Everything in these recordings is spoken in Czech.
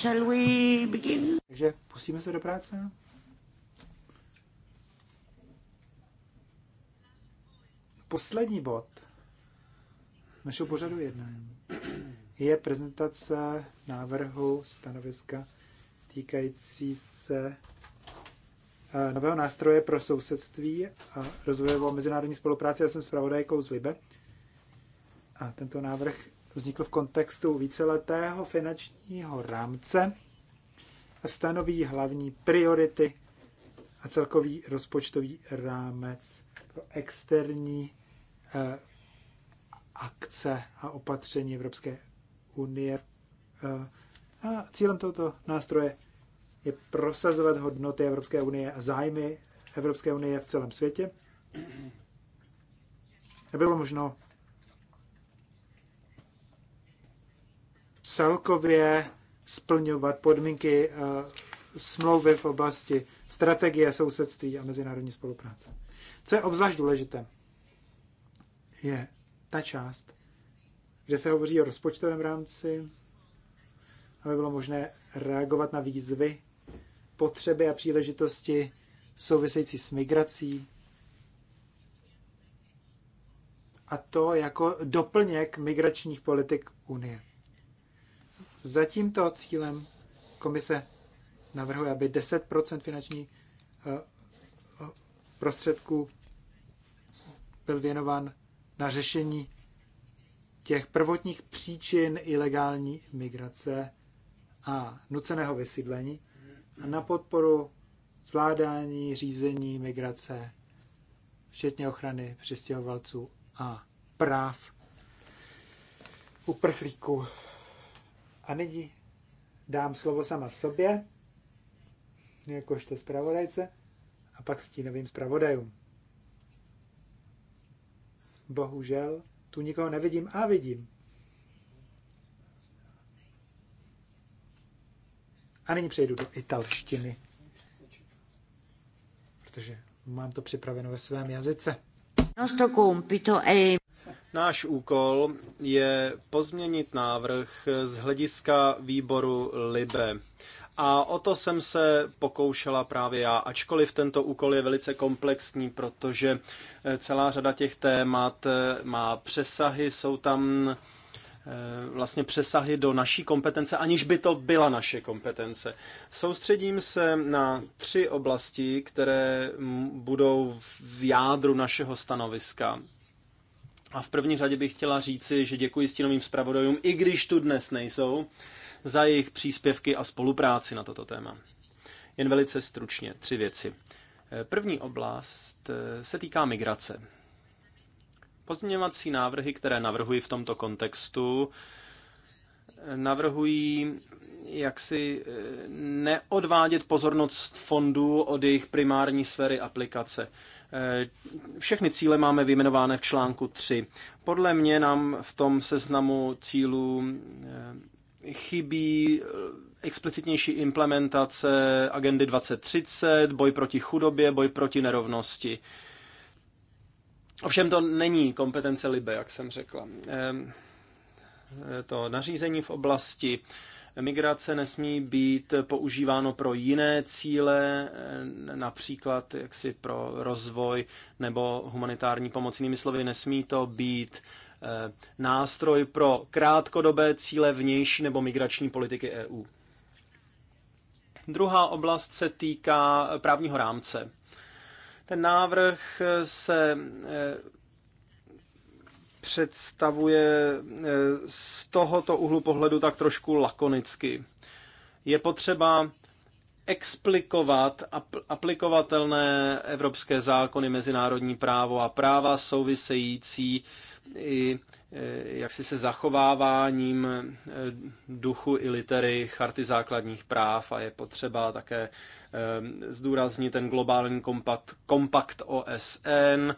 Shall we begin? Takže pustíme se do práce? Poslední bod našeho pořadu jednání je prezentace návrhu stanoviska týkající se eh, nového nástroje pro sousedství a rozvojovou mezinárodní spolupráci. Já jsem zpravodajkou z Libe. A tento návrh vznikl v kontextu víceletého finančního rámce a stanoví hlavní priority a celkový rozpočtový rámec pro externí eh, akce a opatření Evropské unie. Eh, a cílem tohoto nástroje je prosazovat hodnoty Evropské unie a zájmy Evropské unie v celém světě. Bylo možno celkově splňovat podmínky eh, smlouvy v oblasti strategie sousedství a mezinárodní spolupráce. Co je obzvlášť důležité, je ta část, kde se hovoří o rozpočtovém rámci, aby bylo možné reagovat na výzvy, potřeby a příležitosti související s migrací. A to jako doplněk migračních politik Unie. Za tímto cílem komise navrhuje, aby 10 finanční eh, eh, prostředků byl věnován na řešení těch prvotních příčin ilegální migrace a nuceného vysídlení a na podporu zvládání řízení migrace, včetně ochrany přistěhovalců a práv uprchlíků. A nyní dám slovo sama sobě, jakožto zpravodajce, a pak stínovým zpravodajům. Bohužel, tu nikoho nevidím a vidím. A nyní přejdu do italštiny, protože mám to připraveno ve svém jazyce. Nostro compito è Náš úkol je pozměnit návrh z hlediska výboru LIBE. A o to jsem se pokoušela právě já, ačkoliv tento úkol je velice komplexní, protože eh, celá řada těch témat eh, má přesahy, jsou tam eh, vlastně přesahy do naší kompetence, aniž by to byla naše kompetence. Soustředím se na tři oblasti, které budou v jádru našeho stanoviska a v první řadě bych chtěla říci, že děkuji stínovým zpravodajům, i když tu dnes nejsou, za jejich příspěvky a spolupráci na toto téma. Jen velice stručně tři věci. První oblast eh, se týká migrace. Pozměňovací návrhy, které navrhuji v tomto kontextu, eh, navrhují jaksi eh, neodvádět pozornost fondů od jejich primární sféry aplikace. Eh, všechny cíle máme vyjmenované v článku 3. Podle mě nám v tom seznamu cílů eh, chybí explicitnější implementace agendy 2030, boj proti chudobě, boj proti nerovnosti. Ovšem to není kompetence Libe, jak jsem řekla. Ehm, to nařízení v oblasti migrace nesmí být používáno pro jiné cíle, například jaksi pro rozvoj nebo humanitární pomoc. Jinými slovy, nesmí to být eh, nástroj pro krátkodobé cíle vnější nebo migrační politiky EU. Druhá oblast se týká právního rámce. Ten návrh se eh, představuje eh, z tohoto úhlu pohledu tak trošku lakonicky. Je potřeba explikovat aplikovatelné evropské zákony, mezinárodní právo a práva související i Eh, jaksi se zachováváním eh, duchu i litery Charty základních práv a je potřeba také eh, zdůraznit ten globální kompakt, kompakt OSN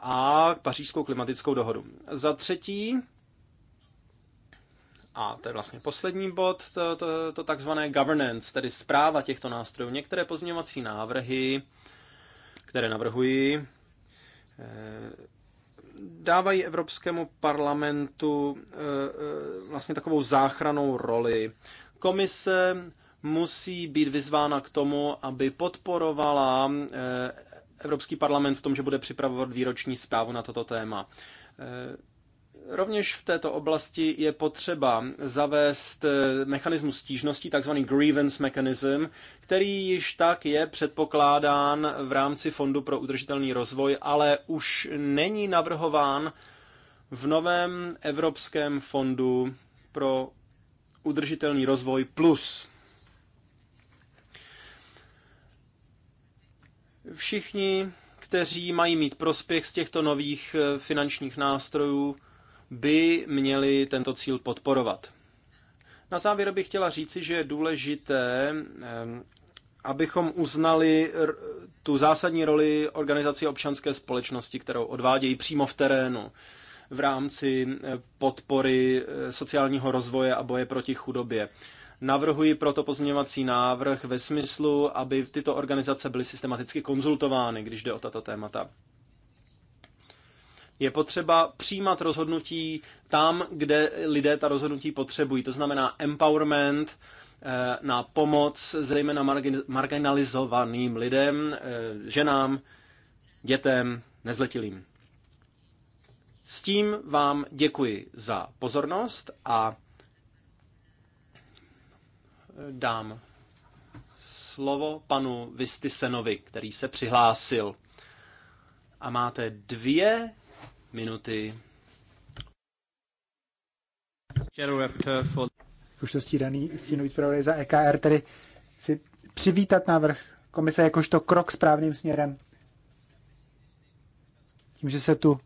a pařížskou klimatickou dohodu. Za třetí, a to je vlastně poslední bod, to, to, to takzvané governance, tedy zpráva těchto nástrojů. Některé pozměňovací návrhy, které navrhuji, dávají Evropskému parlamentu eh, eh, vlastně takovou záchranou roli. Komise musí být vyzvána k tomu, aby podporovala eh, Evropský parlament v tom, že bude připravovat výroční zprávu na toto téma. Rovněž v této oblasti je potřeba zavést eh, mechanismus stížností, takzvaný grievance mechanism, který již tak je předpokládán v rámci Fondu pro udržitelný rozvoj, ale už není navrhován v novém Evropském fondu pro udržitelný rozvoj plus. Všichni, kteří mají mít prospěch z těchto nových eh, finančních nástrojů, by měly tento cíl podporovat. Na závěr bych chtěla říci, že je důležité, abychom uznali tu zásadní roli organizací občanské společnosti, kterou odvádějí přímo v terénu v rámci podpory e, sociálního rozvoje a boje proti chudobě. Navrhuji proto pozměňovací návrh ve smyslu, aby tyto organizace byly systematicky konzultovány, když jde o tato témata. Je potřeba přijímat rozhodnutí tam, kde lidé ta rozhodnutí potřebují. To znamená empowerment, eh, na pomoc zejména marginalizovaným lidem, eh, ženám, dětem, nezletilým. S tím vám děkuji za pozornost a eh, dám slovo panu Vistisenovi, který se přihlásil. A máte dvě minuty. Jakožto stíraný stínový zpravodaj za EKR, tedy si přivítat návrh komise jakožto krok správným směrem. Tím, že se tu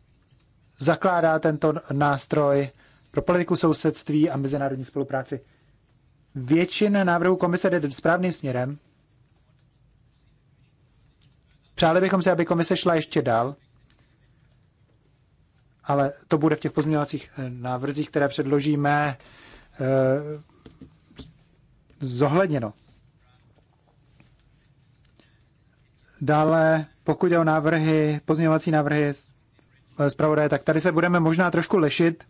zakládá tento nástroj pro politiku sousedství a mezinárodní spolupráci. Většina návrhů komise jde správným směrem. Přáli bychom si, aby komise šla ještě dál ale to bude v těch pozměňovacích eh, návrzích, které předložíme, eh, zohledněno. Dále, pokud je o návrhy, pozměňovací návrhy eh, zpravodaje, tak tady se budeme možná trošku lešit.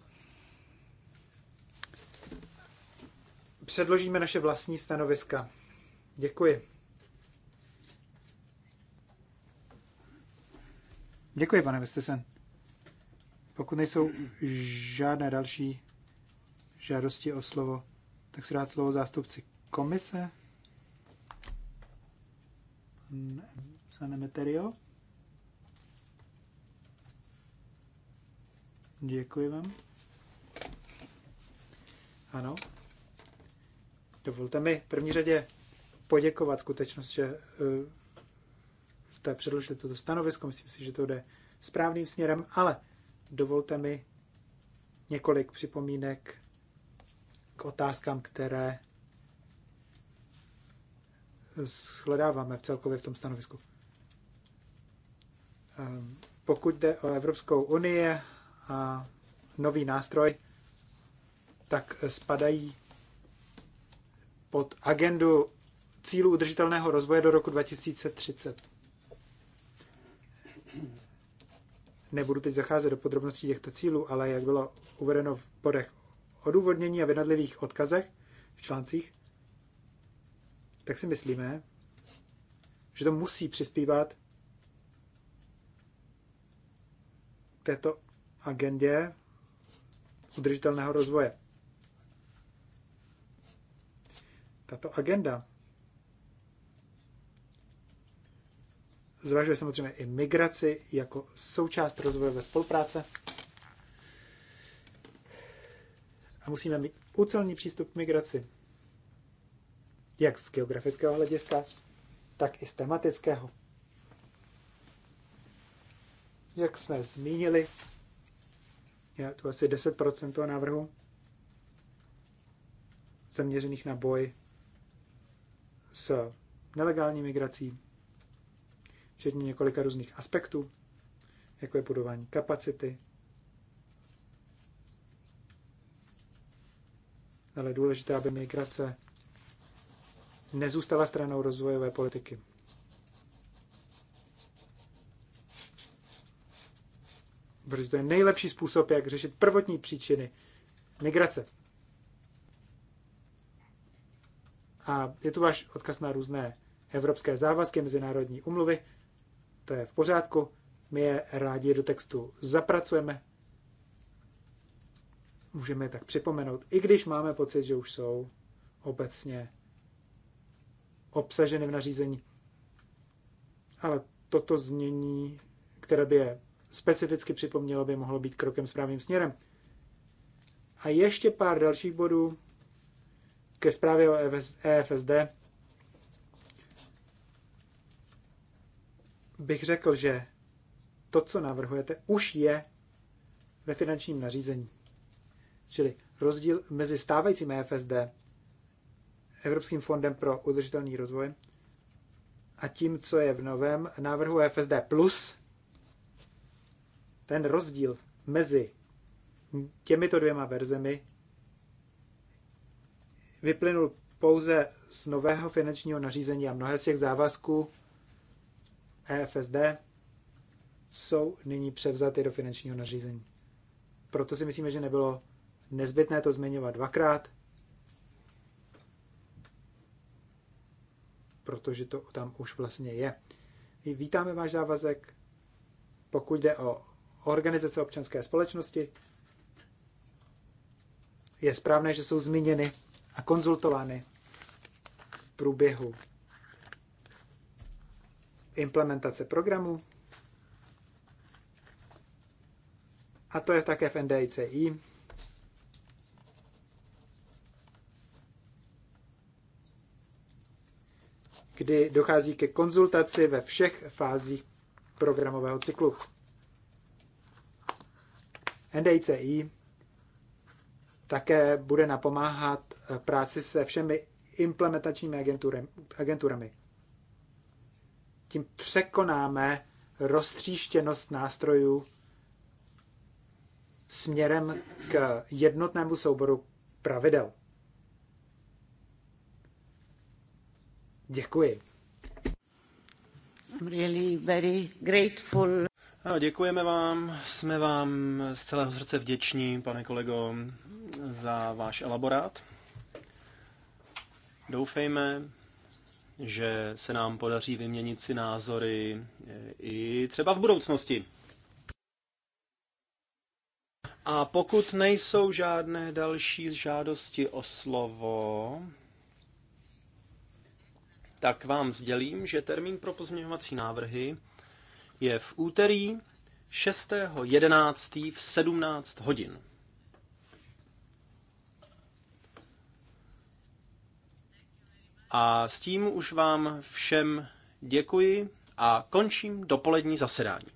Předložíme naše vlastní stanoviska. Děkuji. Děkuji, pane Vestesen. Pokud nejsou žádné další žádosti o slovo, tak si dát slovo zástupci komise. Pane Děkuji vám. Ano. Dovolte mi v první řadě poděkovat skutečnost, že v eh, té předložili toto stanovisko. Myslím si, že to jde správným směrem, ale Dovolte mi několik připomínek k otázkám, které shledáváme v celkově v tom stanovisku. Ehm, pokud jde o Evropskou unii a nový nástroj, tak spadají pod agendu cílů udržitelného rozvoje do roku 2030. Nebudu teď zacházet do podrobností těchto cílů, ale jak bylo uvedeno v bodech odůvodnění a vynadlivých odkazech v článcích, tak si myslíme, že to musí přispívat této agendě udržitelného rozvoje. Tato agenda zvažuje samozřejmě i migraci jako součást rozvojové spolupráce. A musíme mít ucelný přístup k migraci, jak z geografického hlediska, tak i z tematického. Jak jsme zmínili, je tu asi 10% toho návrhu zaměřených na boj s nelegální migrací, včetně několika různých aspektů, jako je budování kapacity, ale důležité, aby migrace nezůstala stranou rozvojové politiky. Protože to je nejlepší způsob, jak řešit prvotní příčiny migrace. A je tu váš odkaz na různé evropské závazky, mezinárodní umluvy, to je v pořádku, my je rádi do textu zapracujeme, můžeme je tak připomenout, i když máme pocit, že už jsou obecně obsaženy v nařízení. Ale toto znění, které by je specificky připomnělo, by mohlo být krokem správným směrem. A ještě pár dalších bodů ke zprávě o EFSD. bych řekl, že to, co navrhujete, už je ve finančním nařízení. Čili rozdíl mezi stávajícím EFSD, Evropským fondem pro udržitelný rozvoj, a tím, co je v novém návrhu EFSD+, ten rozdíl mezi těmito dvěma verzemi vyplynul pouze z nového finančního nařízení a mnohé z těch závazků EFSD jsou nyní převzaty do finančního nařízení. Proto si myslíme, že nebylo nezbytné to zmiňovat dvakrát, protože to tam už vlastně je. Vítáme váš závazek, pokud jde o organizace občanské společnosti. Je správné, že jsou zmíněny a konzultovány v průběhu implementace programu. A to je také v NDICI. kdy dochází ke konzultaci ve všech fázích programového cyklu. NDICI také bude napomáhat eh, práci se všemi implementačními agenturami tím překonáme roztříštěnost nástrojů směrem k jednotnému souboru pravidel. Děkuji. I'm really very grateful. A děkujeme vám. Jsme vám z celého srdce vděční, pane kolego, za váš elaborát. Doufejme, že se nám podaří vyměnit si názory e, i třeba v budoucnosti. A pokud nejsou žádné další žádosti o slovo, tak vám sdělím, že termín pro pozměňovací návrhy je v úterý 6.11. v 17 hodin. A s tím už vám všem děkuji a končím dopolední zasedání.